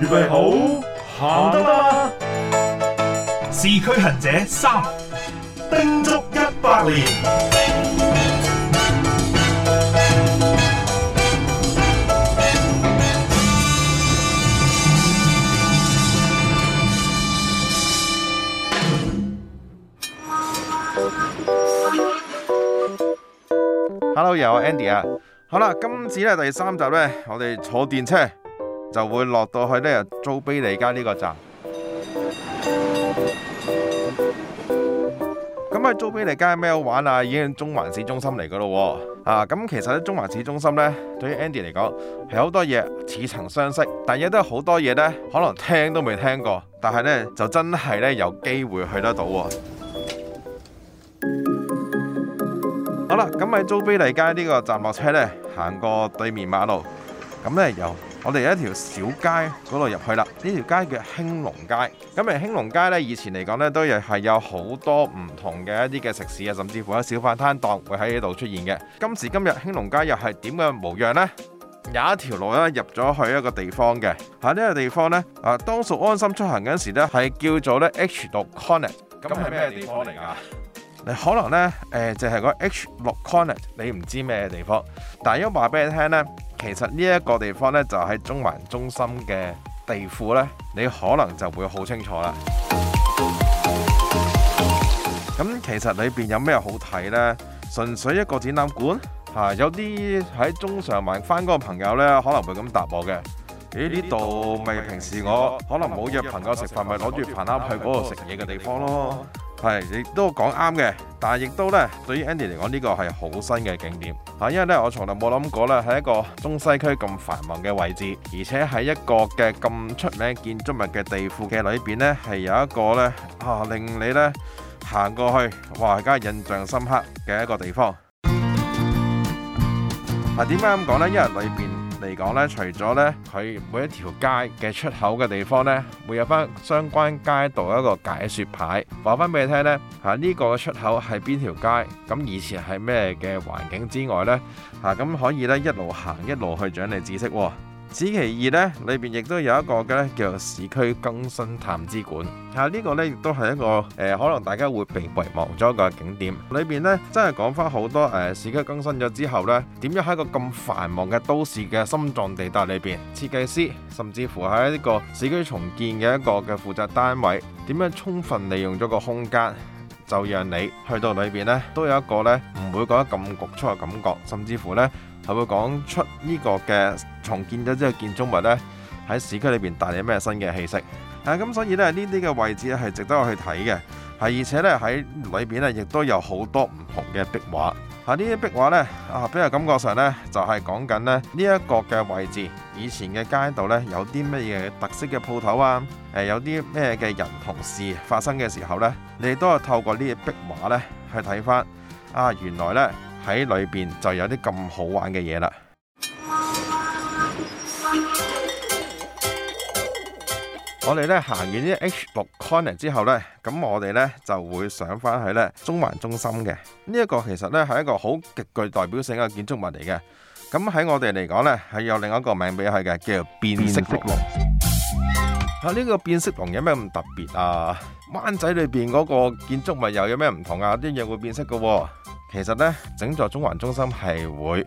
預備好，行得啦嘛？市區行者三叮足一百年。Hello，又係 Andy 啊！好啦，今次咧第三集咧，我哋坐電車。就會落到去呢租庇利街呢個站。咁喺租庇利街有咩好玩啊？已經中環市中心嚟㗎喇喎。啊，咁其實喺中環市中心呢，對於 Andy 嚟講係好多嘢似曾相識，但係亦都有好多嘢呢可能聽都未聽過，但係呢就真係呢有機會去得到喎。好啦，咁喺租庇利街呢個站落車呢，行過對面馬路，咁呢，又。我哋有一條小街嗰度入去啦，呢條街叫興隆街。咁誒，興隆街呢，以前嚟講呢，都亦係有好多唔同嘅一啲嘅食肆啊，甚至乎咧小販攤檔會喺呢度出現嘅。今時今日，興隆街又係點嘅模樣呢？有一條路咧入咗去了一個地方嘅，喺呢個地方呢，啊，當屬安心出行嗰陣時咧，係叫做咧 H 六 Connect。咁係咩地方嚟啊？你可能呢，誒、呃，就係、是、個 H 六 Connect，你唔知咩地方，但係我話俾你聽呢。其實呢一個地方呢，就喺中環中心嘅地庫呢，你可能就會好清楚啦。咁其實裏邊有咩好睇呢？純粹一個展覽館嚇？啊，有啲喺中上環翻工嘅朋友呢，可能會咁答我嘅：誒呢度咪平時我可能冇約朋友食飯，咪攞住飯盒去嗰度食嘢嘅地方咯。係，亦都講啱嘅，但係亦都咧，對於 Andy 嚟講呢個係好新嘅景點吓，因為咧我從來冇諗過咧喺一個中西區咁繁忙嘅位置，而且喺一個嘅咁出名建築物嘅地庫嘅裏邊咧，係有一個咧啊令你咧行過去哇而家印象深刻嘅一個地方。啊，點解咁講呢？因為裏邊。嚟講呢，除咗呢，佢每一條街嘅出口嘅地方呢，會有翻相關街道一個解說牌，話翻俾你聽咧，嚇、這、呢個出口係邊條街，咁以前係咩嘅環境之外呢，嚇咁可以咧一路行一路去長知識喎。此其二呢，裏邊亦都有一個嘅叫做市區更新探知館，吓、啊、呢、這個呢，亦都係一個誒、呃，可能大家會被遺忘咗嘅景點。裏邊呢，真係講翻好多誒、呃，市區更新咗之後呢，點樣喺一個咁繁忙嘅都市嘅心臟地帶裏邊，設計師甚至乎喺呢個市區重建嘅一個嘅負責單位，點樣充分利用咗個空間。就讓你去到裏邊呢，都有一個呢唔會覺得咁局促嘅感覺，甚至乎呢係會講出呢個嘅重建咗之後建築物呢喺市區裏邊帶嚟咩新嘅氣息啊！咁所以呢，呢啲嘅位置呢係值得我去睇嘅，係、啊、而且呢喺裏邊呢亦都有好多唔同嘅壁畫。啊！呢啲壁畫呢，啊，俾人感覺上呢，就係講緊呢一個嘅位置，以前嘅街道呢，有啲乜嘢特色嘅鋪頭啊，誒，有啲咩嘅人同事發生嘅時候呢，你都係透過呢啲壁畫呢去睇翻，啊，原來呢，喺裏邊就有啲咁好玩嘅嘢啦。我哋咧行完呢 H 六 Conner 之後咧，咁我哋咧就會上翻去咧中環中心嘅。呢一個其實咧係一個好極具代表性嘅建築物嚟嘅。咁喺我哋嚟講咧，係有另一個名俾佢嘅，叫做變色龍。啊，呢個變色龍有咩咁特別啊？灣仔裏邊嗰個建築物又有咩唔同啊？一樣會變色嘅。其實咧，整座中環中心係會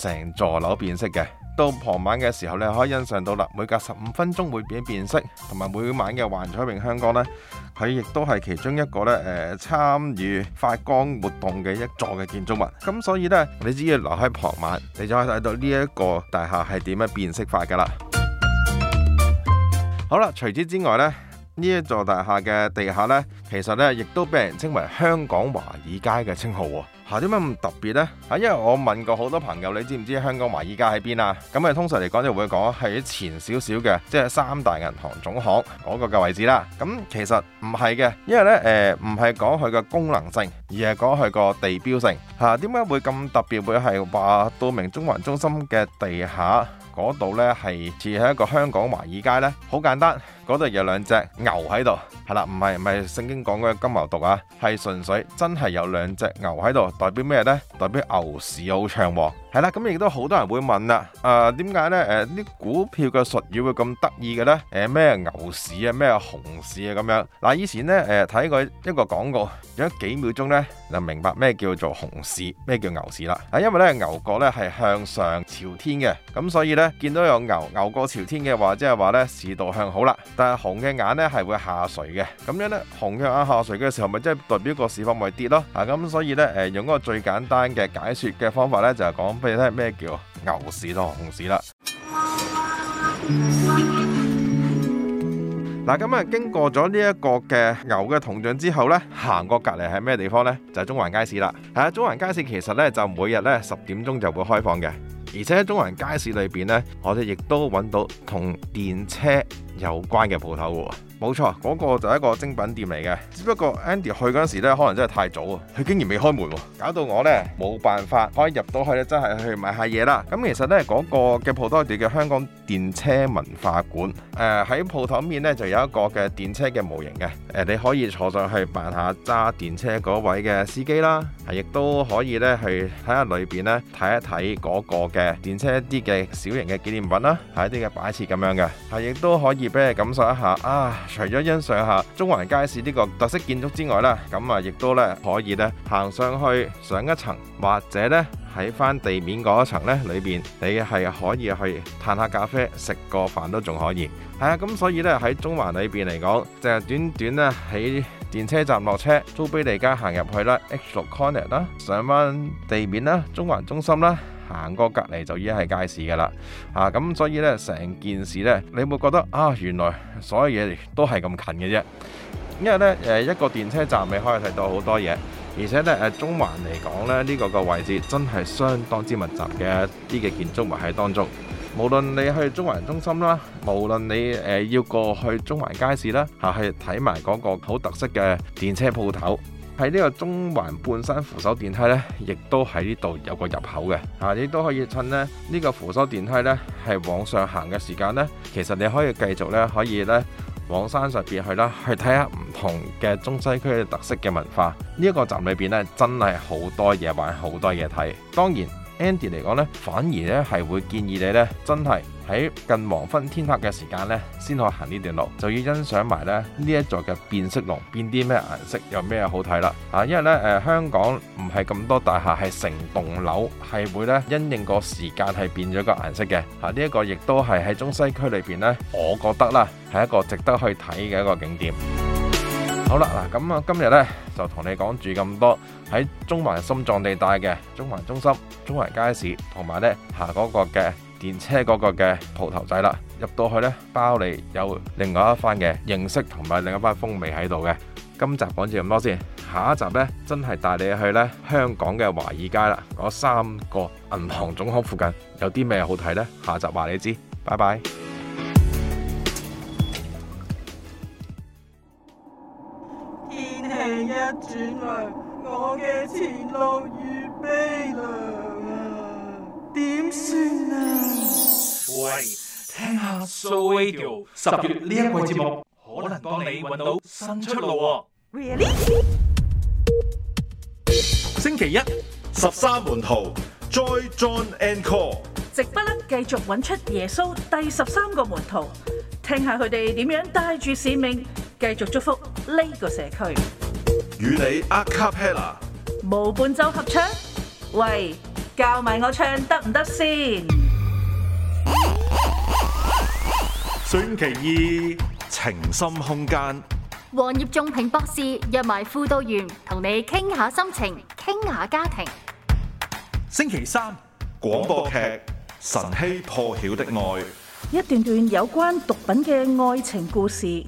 成座樓變色嘅。到傍晚嘅時候你可以欣賞到啦。每隔十五分鐘會變變色，同埋每晚嘅幻彩詠香江呢，佢亦都係其中一個咧，誒參與發光活動嘅一座嘅建築物。咁所以呢，你只要留喺傍晚，你就可以睇到呢一個大廈係點樣變色法㗎啦。好啦，除此之外呢。呢一座大廈嘅地下呢，其實呢亦都被人稱為香港華爾街嘅稱號啊。吓點解咁特別呢？吓因為我問過好多朋友，你知唔知香港華爾街喺邊啊？咁啊通常嚟講就會講喺前少少嘅，即係三大銀行總行嗰個嘅位置啦。咁其實唔係嘅，因為呢，誒唔係講佢嘅功能性，而係講佢個地標性。吓點解會咁特別？會係話到明中環中心嘅地下？嗰度呢係似喺一個香港華爾街呢。好簡單，嗰度有兩隻牛喺度，係啦，唔係唔係聖經講嗰個金牛犢啊，係純粹真係有兩隻牛喺度，代表咩呢？代表牛市好長喎，係啦、哦，咁亦都好多人會問啦，誒點解呢誒啲、啊、股票嘅術語會咁得意嘅呢？誒、啊、咩牛市啊，咩熊市啊咁樣？嗱、啊，以前呢，誒、啊、睇過一個廣告，有幾秒鐘呢。就明白咩叫做熊市，咩叫牛市啦。啊，因為咧牛角咧係向上朝天嘅，咁所以咧見到有牛牛角朝天嘅話，即係話咧市道向好啦。但係熊嘅眼咧係會下垂嘅，咁樣咧熊嘅眼下垂嘅時候，咪即係代表個市況咪跌咯。啊，咁所以咧誒，用一個最簡單嘅解說嘅方法咧，就係講俾你聽咩叫牛市咯，熊市啦。嗱，咁啊，經過咗呢一個嘅牛嘅銅像之後呢，行過隔籬係咩地方呢？就係中環街市啦。係啊，中環街市其實呢，就每日呢十點鐘就會開放嘅，而且喺中環街市裏邊呢，我哋亦都揾到同電車有關嘅鋪頭。冇錯，嗰、那個就係一個精品店嚟嘅，只不過 Andy 去嗰陣時咧，可能真係太早啊，佢竟然未開門喎，搞到我咧冇辦法可以入到去咧，真係去買下嘢啦。咁其實咧，嗰、那個嘅鋪頭叫香港電車文化館，呃，誒喺鋪頭面咧就有一個嘅電車嘅模型嘅，誒你可以坐上去扮下揸電車嗰位嘅司機啦，係亦都可以咧去睇下裏邊咧睇一睇嗰個嘅電車一啲嘅小型嘅紀念品啦，係一啲嘅擺設咁樣嘅，係亦都可以俾你感受一下啊！除咗欣賞下中環街市呢個特色建築之外咧，咁啊，亦都咧可以咧行上去上一層，或者咧喺翻地面嗰一層咧裏邊，你係可以去嘆下咖啡，食個飯都仲可以係啊。咁所以咧喺中環裏邊嚟講，就係短短咧喺電車站落車，租庇利街行入去啦，H 六 CONET 啦，上翻地面啦，中環中心啦。行過隔籬就已經係街市噶啦，啊咁所以呢，成件事呢，你會覺得啊，原來所有嘢都係咁近嘅啫。因為呢，誒一個電車站你可以睇到好多嘢，而且呢，誒中環嚟講呢，呢個個位置真係相當之密集嘅一啲嘅建築物喺當中。無論你去中環中心啦，無論你誒要過去中環街市啦，吓去睇埋嗰個好特色嘅電車鋪頭。喺呢個中環半山扶手電梯呢，亦都喺呢度有個入口嘅。啊，你都可以趁呢呢個扶手電梯呢係往上行嘅時間呢，其實你可以繼續呢，可以呢往山上邊去啦，去睇下唔同嘅中西區嘅特色嘅文化。呢一個站裏邊呢，真係好多嘢玩，好多嘢睇。當然。Andy 嚟講呢，反而呢係會建議你呢，真係喺近黃昏天黑嘅時間呢，先去行呢段路，就要欣賞埋呢呢一座嘅變色龍變啲咩顏色，有咩好睇啦。啊，因為呢，誒，香港唔係咁多大廈，係成棟樓係會呢因應個時間係變咗個顏色嘅。吓，呢一個亦都係喺中西區裏邊呢，我覺得啦係一個值得去睇嘅一個景點。好啦，嗱咁啊，今日呢，就同你講住咁多喺中環心臟地帶嘅中環中心、中環街市同埋呢下嗰個嘅電車嗰個嘅鋪頭仔啦，入到去呢，包你有另外一番嘅認識同埋另一番風味喺度嘅。今集講住咁多先，下一集呢，真係帶你去呢香港嘅華爾街啦，嗰三個銀行總行附近有啲咩好睇呢？下集話你知，拜拜。一轉來，我嘅前路如悲涼啊！點算啊？喂，聽下 So Radio 十月呢一個節目，可能幫你搵到新出路。Really？星期一十三門徒再 Join and Call，直不甩繼續搵出耶穌第十三個門徒，聽下佢哋點樣帶住使命繼續祝福呢個社區。.與你阿卡貝拉，無伴奏合唱。喂，教埋我唱得唔得先？星期二，情深空間。黃葉仲平博士約埋輔導員同你傾下心情，傾下家庭。星期三廣播劇《晨曦破曉的愛》，一段段有關毒品嘅愛情故事。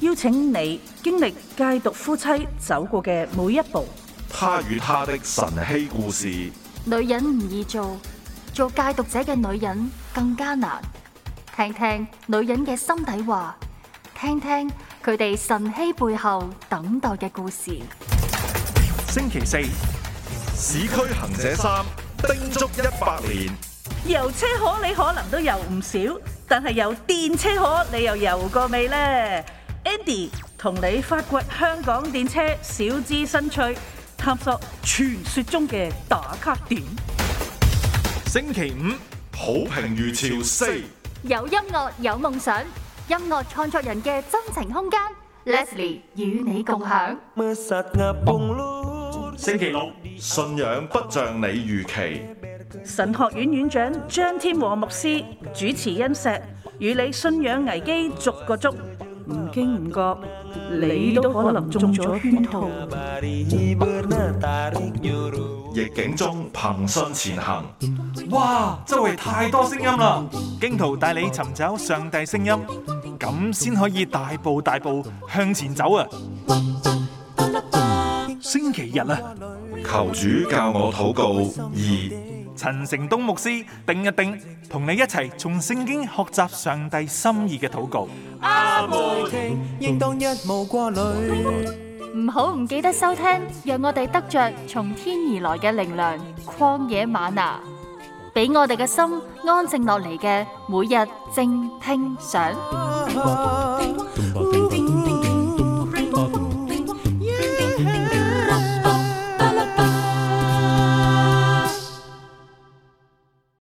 邀請你經歷戒毒夫妻走過嘅每一步，他與他的晨曦故事。女人唔易做，做戒毒者嘅女人更加難。聽聽女人嘅心底話，聽聽佢哋晨曦背後等待嘅故事。星期四，市區行者三叮足一百年。遊車河你可能都遊唔少，但係遊電車河你又遊過未呢？Andy 同你發掘香港電車小資新趣，探索傳說中嘅打卡點。星期五好評如潮，四有音樂有夢想，音樂創作人嘅真情空間，Leslie 與你共享。星期六信仰不像你預期，神學院院長張天和牧師主持恩石，與你信仰危機逐個捉。唔經唔覺，你都可能中咗圈套。逆境中憑信前行。哇，周圍太多聲音啦！經途帶你尋找上帝聲音，咁先可以大步大步向前走啊！星期日啊，求主教我禱告二。陳成東牧師，定一定同你一齊從聖經學習上帝心意嘅禱告。唔、嗯嗯嗯、好唔記得收聽，讓我哋得着從天而來嘅靈糧。曠野瑪拿，俾我哋嘅心安靜落嚟嘅每日正聽想。嗯嗯嗯嗯